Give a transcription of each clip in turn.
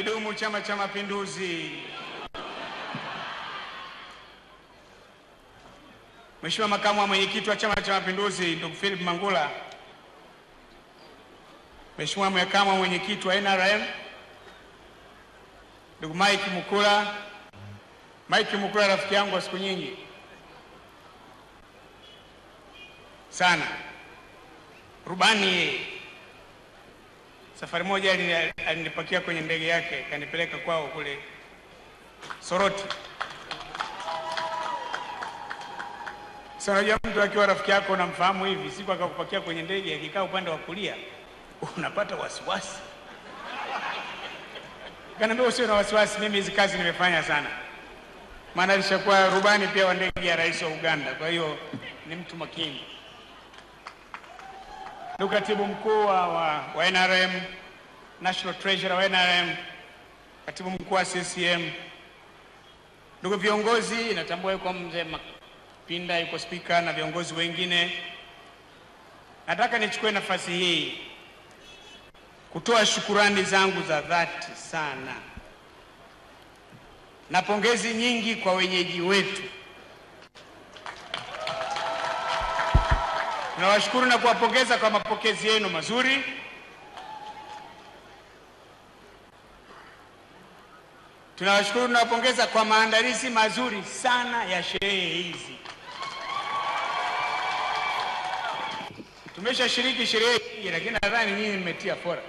Kidumu Chama cha Mapinduzi! Mheshimiwa Makamu wa Mwenyekiti wa Chama cha Mapinduzi ndugu Philip Mangula, Mheshimiwa Makamu wa Mwenyekiti wa NRM ndugu Mike Mukula, Mike Mukula rafiki yangu wa siku nyingi sana, rubani Safari moja alinipakia kwenye ndege yake kanipeleka kwao kule Soroti. Sasa unajua mtu akiwa rafiki yako unamfahamu hivi, siku akakupakia kwenye ndege, akikaa upande wa kulia unapata wasiwasi. kanambia usio na wasiwasi, mimi hizi kazi nimefanya sana, maana alishakuwa rubani pia wa ndege ya rais wa Uganda, kwa hiyo ni mtu makini. Ndugu katibu mkuu wa, wa NRM, National Treasurer wa NRM, katibu mkuu wa CCM, ndugu viongozi, natambua yuko mzee Mapinda, yuko spika na viongozi wengine. Nataka nichukue nafasi hii kutoa shukurani zangu za dhati sana na pongezi nyingi kwa wenyeji wetu Nawashukuru na kuwapongeza kwa mapokezi yenu mazuri. Tunawashukuru na kuwapongeza kwa maandalizi mazuri sana ya sherehe hizi. Tumeshashiriki sherehe hii, lakini nadhani nyinyi mmetia fora.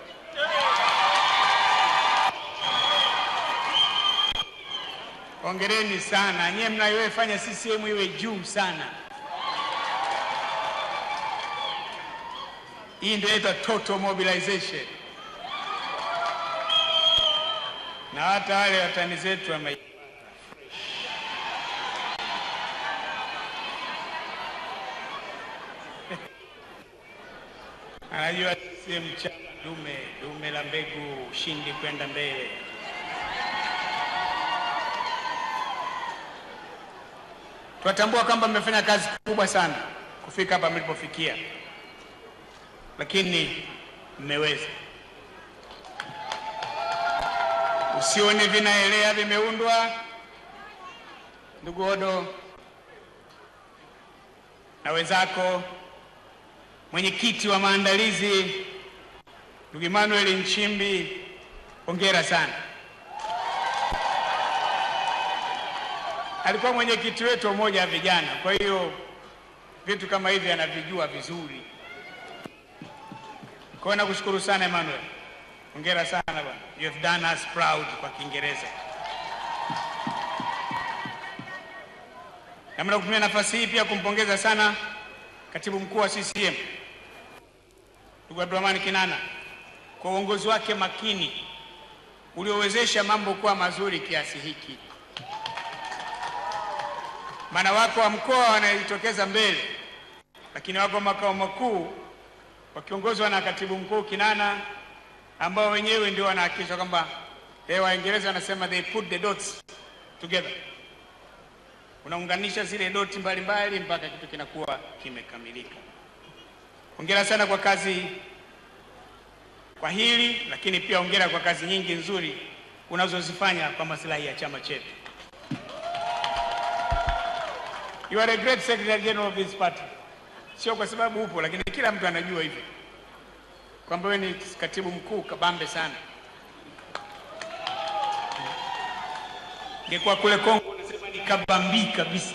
Hongereni sana nyie mnayofanya CCM iwe juu sana. Hii ndio inaitwa total mobilization, na hata wale watani zetu wame anajua sehemu cha dume dume la mbegu, ushindi kwenda mbele. tuatambua kwamba mmefanya kazi kubwa sana kufika hapa mlipofikia lakini mmeweza. Usione vinaelea vimeundwa, ndugu Odo na wenzako, mwenyekiti wa maandalizi ndugu Emmanuel Nchimbi, hongera sana. Alikuwa mwenyekiti wetu wa umoja wa vijana, kwa hiyo vitu kama hivi anavijua vizuri. Kwa hiyo nakushukuru sana Emmanuel, hongera sana bwana, you have done us proud kwa Kiingereza. namna kutumia nafasi hii pia kumpongeza sana katibu mkuu wa CCM ndugu Abdurahmani Kinana kwa uongozi wake makini uliowezesha mambo kuwa mazuri kiasi hiki. Maana wako wa mkoa wanajitokeza mbele, lakini wako makao makuu wakiongozwa na katibu mkuu Kinana, ambao wenyewe ndio wanahakikisha kwamba eh, Waingereza wanasema they put the dots together, unaunganisha zile doti mbalimbali mpaka kitu kinakuwa kimekamilika. Hongera sana kwa kazi kwa hili, lakini pia hongera kwa kazi nyingi nzuri unazozifanya kwa maslahi ya chama chetu. You are a great Secretary General of this party sio kwa sababu upo, lakini kila mtu anajua hivyo kwamba wewe ni katibu mkuu kabambe sana. Ingekuwa kule Kongo unasema ni kabambi kabisa.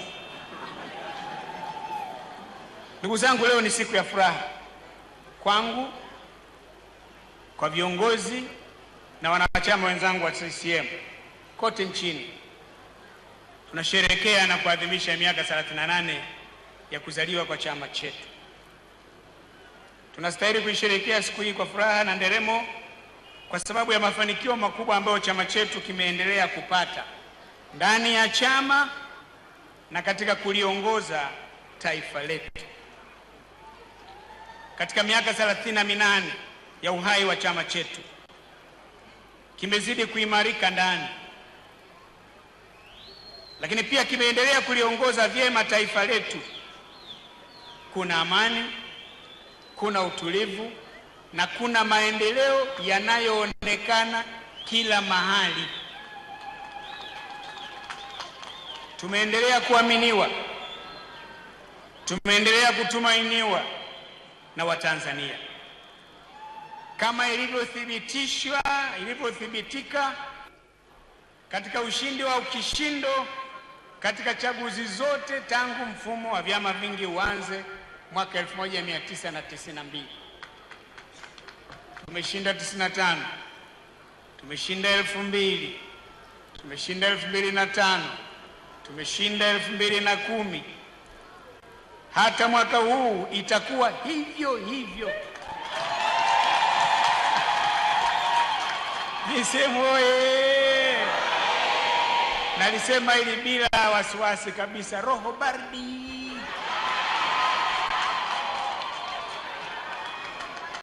Ndugu zangu, leo ni siku ya furaha kwangu, kwa viongozi na wanachama wenzangu wa CCM kote nchini. Tunasherehekea na kuadhimisha miaka 38 ya kuzaliwa kwa chama chetu. Tunastahili kuisherehekea siku hii kwa furaha na nderemo kwa sababu ya mafanikio makubwa ambayo chama chetu kimeendelea kupata ndani ya chama na katika kuliongoza taifa letu. Katika miaka thelathini na minane ya uhai wa chama chetu kimezidi kuimarika ndani, lakini pia kimeendelea kuliongoza vyema taifa letu kuna amani, kuna utulivu na kuna maendeleo yanayoonekana kila mahali. Tumeendelea kuaminiwa, tumeendelea kutumainiwa na Watanzania kama ilivyothibitishwa ilivyothibitika katika ushindi wa ukishindo katika chaguzi zote tangu mfumo wa vyama vingi uanze mwaka 1992 tumeshinda 95, tumeshinda elfu mbili, tumeshinda elfu mbili na tano, tumeshinda elfu mbili na kumi. Hata mwaka huu itakuwa hivyo hivyo. nisemu oye! Nalisema ili bila wasiwasi kabisa, roho baridi.